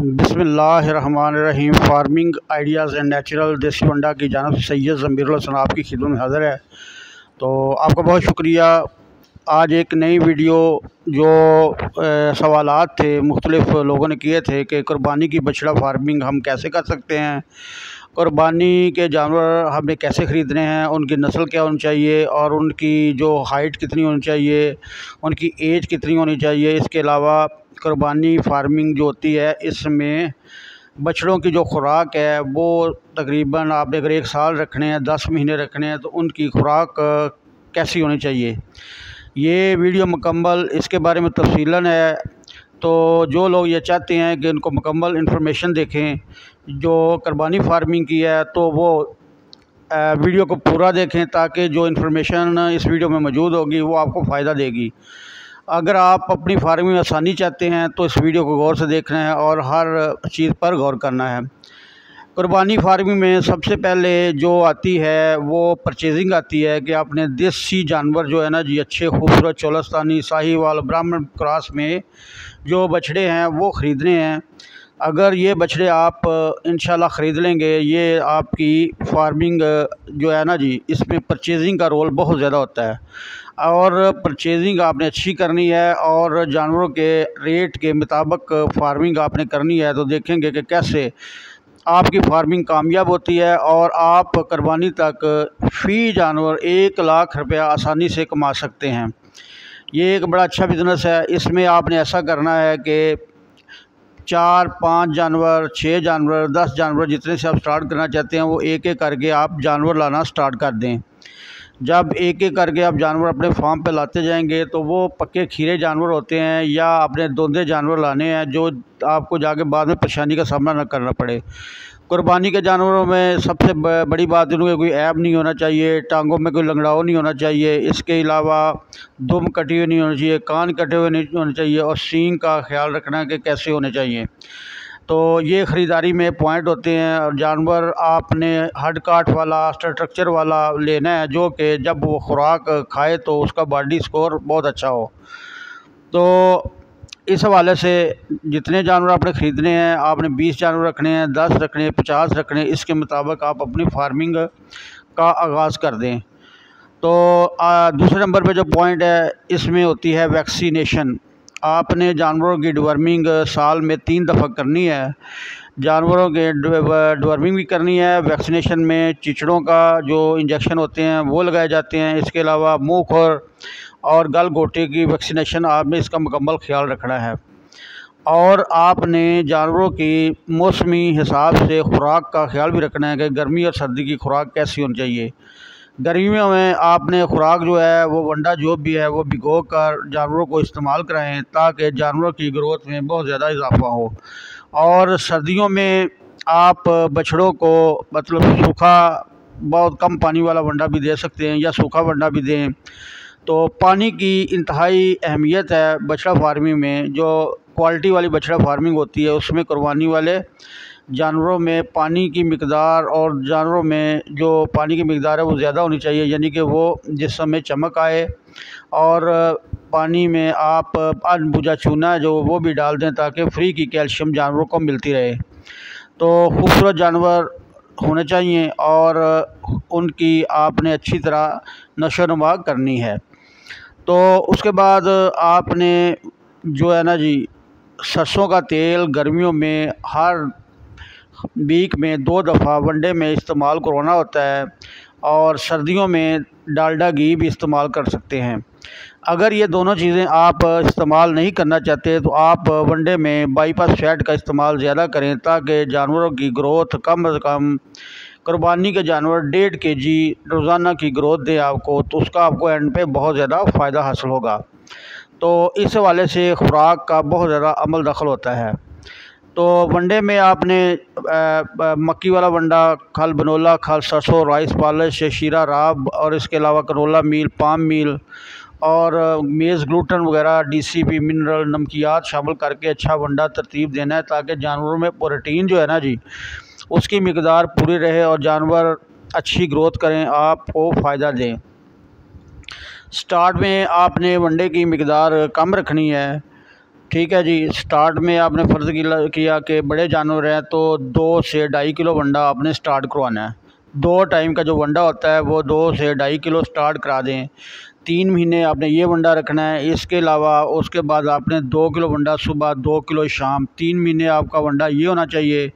بسم اللہ الرحمن الرحیم فارمنگ آئیڈیاز اینڈ نیچرل دیسی ونڈا کی جانب سید الحسن آپ کی خدم حاضر ہے تو آپ کا بہت شکریہ آج ایک نئی ویڈیو جو سوالات تھے مختلف لوگوں نے کیے تھے کہ قربانی کی بچھڑا فارمنگ ہم کیسے کر سکتے ہیں قربانی کے جانور ہمیں کیسے خریدنے ہیں ان کی نسل کیا ہونی چاہیے اور ان کی جو ہائٹ کتنی ہونی چاہیے ان کی ایج کتنی ہونی چاہیے اس کے علاوہ قربانی فارمنگ جو ہوتی ہے اس میں بچڑوں کی جو خوراک ہے وہ تقریباً آپ نے اگر ایک سال رکھنے ہیں دس مہینے رکھنے ہیں تو ان کی خوراک کیسی ہونی چاہیے یہ ویڈیو مکمل اس کے بارے میں تفصیلاً ہے تو جو لوگ یہ چاہتے ہیں کہ ان کو مکمل انفارمیشن دیکھیں جو قربانی فارمنگ کی ہے تو وہ ویڈیو کو پورا دیکھیں تاکہ جو انفارمیشن اس ویڈیو میں موجود ہوگی وہ آپ کو فائدہ دے گی اگر آپ اپنی فارمنگ آسانی چاہتے ہیں تو اس ویڈیو کو غور سے دیکھنا ہے اور ہر چیز پر غور کرنا ہے قربانی فارمنگ میں سب سے پہلے جو آتی ہے وہ پرچیزنگ آتی ہے کہ آپ نے دیسی جانور جو ہے نا جی اچھے خوبصورت چولستانی ساہی وال برہم کراس میں جو بچھڑے ہیں وہ خریدنے ہیں اگر یہ بچھڑے آپ انشاءاللہ خرید لیں گے یہ آپ کی فارمنگ جو ہے نا جی اس میں پرچیزنگ کا رول بہت زیادہ ہوتا ہے اور پرچیزنگ آپ نے اچھی کرنی ہے اور جانوروں کے ریٹ کے مطابق فارمنگ آپ نے کرنی ہے تو دیکھیں گے کہ کیسے آپ کی فارمنگ کامیاب ہوتی ہے اور آپ قربانی تک فی جانور ایک لاکھ روپیہ آسانی سے کما سکتے ہیں یہ ایک بڑا اچھا بزنس ہے اس میں آپ نے ایسا کرنا ہے کہ چار پانچ جانور چھ جانور دس جانور جتنے سے آپ سٹارٹ کرنا چاہتے ہیں وہ ایک ایک کر کے آپ جانور لانا سٹارٹ کر دیں جب ایک ایک کر کے آپ جانور اپنے فارم پہ لاتے جائیں گے تو وہ پکے کھیرے جانور ہوتے ہیں یا اپنے دوندے جانور لانے ہیں جو آپ کو جا کے بعد میں پریشانی کا سامنا نہ کرنا پڑے قربانی کے جانوروں میں سب سے بڑی بات ان کی کوئی عیب نہیں ہونا چاہیے ٹانگوں میں کوئی لنگڑاؤں نہیں ہونا چاہیے اس کے علاوہ دم کٹی ہوئی نہیں ہونی چاہیے کان کٹے ہوئے نہیں ہونے چاہیے اور سینگ کا خیال رکھنا کہ کیسے ہونے چاہیے تو یہ خریداری میں پوائنٹ ہوتے ہیں اور جانور آپ نے ہڈ کاٹ اسٹرکچر والا لینا ہے جو کہ جب وہ خوراک کھائے تو اس کا باڈی سکور بہت اچھا ہو تو اس حوالے سے جتنے جانور آپ نے خریدنے ہیں آپ نے بیس جانور رکھنے ہیں دس رکھنے ہیں پچاس رکھنے ہیں اس کے مطابق آپ اپنی فارمنگ کا آغاز کر دیں تو دوسرے نمبر پہ جو پوائنٹ ہے اس میں ہوتی ہے ویکسینیشن آپ نے جانوروں کی ڈورمنگ سال میں تین دفعہ کرنی ہے جانوروں کے ڈورمنگ بھی کرنی ہے ویکسینیشن میں چچڑوں کا جو انجیکشن ہوتے ہیں وہ لگائے جاتے ہیں اس کے علاوہ منہ اور اور گل گوٹے کی ویکسینیشن آپ نے اس کا مکمل خیال رکھنا ہے اور آپ نے جانوروں کی موسمی حساب سے خوراک کا خیال بھی رکھنا ہے کہ گرمی اور سردی کی خوراک کیسی ہونی چاہیے گرمیوں میں آپ نے خوراک جو ہے وہ ونڈا جو بھی ہے وہ بھگو کر جانوروں کو استعمال کرائیں تاکہ جانوروں کی گروتھ میں بہت زیادہ اضافہ ہو اور سردیوں میں آپ بچھڑوں کو مطلب سوکھا بہت کم پانی والا ونڈا بھی دے سکتے ہیں یا سوکھا ونڈا بھی دیں تو پانی کی انتہائی اہمیت ہے بچھڑا فارمنگ میں جو کوالٹی والی بچھڑا فارمنگ ہوتی ہے اس میں قربانی والے جانوروں میں پانی کی مقدار اور جانوروں میں جو پانی کی مقدار ہے وہ زیادہ ہونی چاہیے یعنی کہ وہ جسم میں چمک آئے اور پانی میں آپ ان بوجھا چونا جو وہ بھی ڈال دیں تاکہ فری کی کیلشیم جانوروں کو ملتی رہے تو خوبصورت جانور ہونے چاہیے اور ان کی آپ نے اچھی طرح نشو و نما کرنی ہے تو اس کے بعد آپ نے جو ہے نا جی سرسوں کا تیل گرمیوں میں ہر ویک میں دو دفعہ ونڈے میں استعمال کروانا ہوتا ہے اور سردیوں میں ڈالڈا گھی بھی استعمال کر سکتے ہیں اگر یہ دونوں چیزیں آپ استعمال نہیں کرنا چاہتے تو آپ ونڈے میں بائی پاس فیٹ کا استعمال زیادہ کریں تاکہ جانوروں کی گروتھ کم از کم قربانی کے جانور ڈیڑھ کے جی روزانہ کی گروتھ دے آپ کو تو اس کا آپ کو اینڈ پہ بہت زیادہ فائدہ حاصل ہوگا تو اس حوالے سے خوراک کا بہت زیادہ عمل دخل ہوتا ہے تو ونڈے میں آپ نے مکی والا ونڈا کھل بنولا کھل سرسوں رائس پالش شیرہ راب اور اس کے علاوہ کرولا میل پام میل اور میز گلوٹن وغیرہ ڈی سی پی منرل نمکیات شامل کر کے اچھا ونڈا ترتیب دینا ہے تاکہ جانوروں میں پروٹین جو ہے نا جی اس کی مقدار پوری رہے اور جانور اچھی گروتھ کریں آپ کو فائدہ دیں سٹارٹ میں آپ نے ونڈے کی مقدار کم رکھنی ہے ٹھیک ہے جی سٹارٹ میں آپ نے فرض کیا کہ بڑے جانور ہیں تو دو سے ڈھائی کلو ونڈا آپ نے سٹارٹ کروانا ہے دو ٹائم کا جو ونڈا ہوتا ہے وہ دو سے ڈھائی کلو سٹارٹ کرا دیں تین مہینے آپ نے یہ ونڈا رکھنا ہے اس کے علاوہ اس کے بعد آپ نے دو کلو ونڈا صبح دو کلو شام تین مہینے آپ کا ونڈا یہ ہونا چاہیے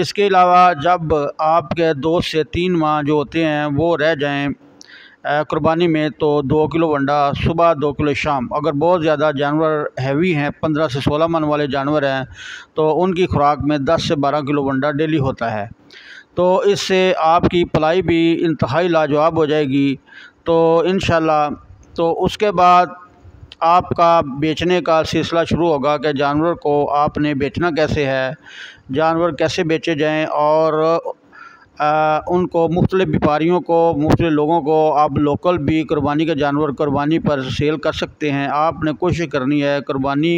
اس کے علاوہ جب آپ کے دو سے تین ماہ جو ہوتے ہیں وہ رہ جائیں قربانی میں تو دو کلو ونڈا صبح دو کلو شام اگر بہت زیادہ جانور ہیوی ہیں پندرہ سے سولہ من والے جانور ہیں تو ان کی خوراک میں دس سے بارہ کلو ونڈا ڈیلی ہوتا ہے تو اس سے آپ کی پلائی بھی انتہائی لاجواب ہو جائے گی تو انشاءاللہ تو اس کے بعد آپ کا بیچنے کا سلسلہ شروع ہوگا کہ جانور کو آپ نے بیچنا کیسے ہے جانور کیسے بیچے جائیں اور ان کو مختلف بیپاریوں کو مختلف لوگوں کو آپ لوکل بھی قربانی کے جانور قربانی پر سیل کر سکتے ہیں آپ نے کوشش کرنی ہے قربانی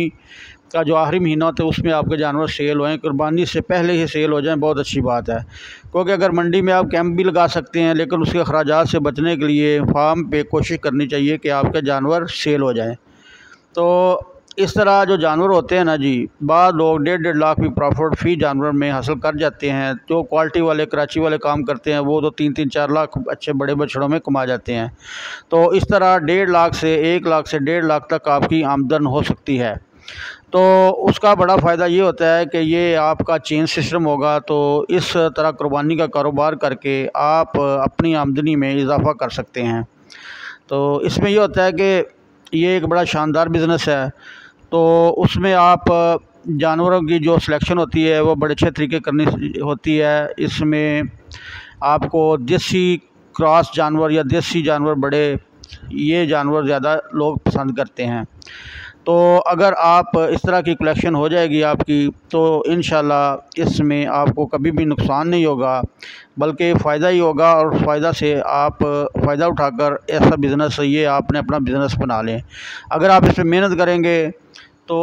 کا جو آخری مہینہ تھا اس میں آپ کے جانور سیل ہوئیں قربانی سے پہلے ہی سیل ہو جائیں بہت اچھی بات ہے کیونکہ اگر منڈی میں آپ کیمپ بھی لگا سکتے ہیں لیکن اس کے اخراجات سے بچنے کے لیے فارم پہ کوشش کرنی چاہیے کہ آپ کے جانور سیل ہو جائیں تو اس طرح جو جانور ہوتے ہیں نا جی بعض لوگ ڈیڑھ ڈیڑھ لاکھ بھی پروفٹ فی جانور میں حاصل کر جاتے ہیں جو کوالٹی والے کراچی والے کام کرتے ہیں وہ تو تین تین چار لاکھ اچھے بڑے بچھڑوں میں کما جاتے ہیں تو اس طرح ڈیڑھ لاکھ سے ایک لاکھ سے ڈیڑھ لاکھ تک آپ کی آمدن ہو سکتی ہے تو اس کا بڑا فائدہ یہ ہوتا ہے کہ یہ آپ کا چینج سسٹم ہوگا تو اس طرح قربانی کا کاروبار کر کے آپ اپنی آمدنی میں اضافہ کر سکتے ہیں تو اس میں یہ ہوتا ہے کہ یہ ایک بڑا شاندار بزنس ہے تو اس میں آپ جانوروں کی جو سلیکشن ہوتی ہے وہ بڑے اچھے طریقے کرنی ہوتی ہے اس میں آپ کو دیسی کراس جانور یا دیسی جانور بڑے یہ جانور زیادہ لوگ پسند کرتے ہیں تو اگر آپ اس طرح کی کلیکشن ہو جائے گی آپ کی تو انشاءاللہ اس میں آپ کو کبھی بھی نقصان نہیں ہوگا بلکہ فائدہ ہی ہوگا اور فائدہ سے آپ فائدہ اٹھا کر ایسا بزنس یہ آپ نے اپنا بزنس بنا لیں اگر آپ اس پہ محنت کریں گے تو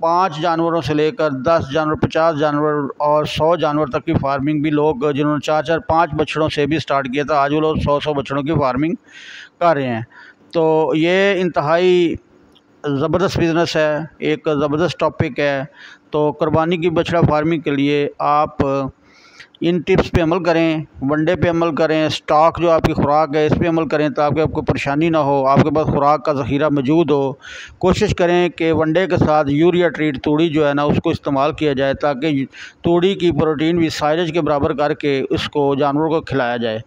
پانچ جانوروں سے لے کر دس جانور پچاس جانور اور سو جانور تک کی فارمنگ بھی لوگ جنہوں نے چار چار پانچ بچڑوں سے بھی سٹارٹ کیا تھا آج وہ لوگ سو سو بچھڑوں کی فارمنگ کر رہے ہیں تو یہ انتہائی زبردست بزنس ہے ایک زبردست ٹاپک ہے تو قربانی کی بچڑا فارمنگ کے لیے آپ ان ٹپس پہ عمل کریں ون ڈے پہ عمل کریں اسٹاک جو آپ کی خوراک ہے اس پہ عمل کریں تاکہ آپ کو پریشانی نہ ہو آپ کے پاس خوراک کا ذخیرہ موجود ہو کوشش کریں کہ ون ڈے کے ساتھ یوریا ٹریٹ توڑی جو ہے نا اس کو استعمال کیا جائے تاکہ توڑی کی پروٹین بھی سائرج کے برابر کر کے اس کو جانوروں کو کھلایا جائے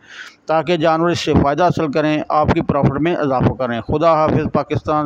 تاکہ جانور اس سے فائدہ حاصل کریں آپ کی پرافٹ میں اضافہ کریں خدا حافظ پاکستان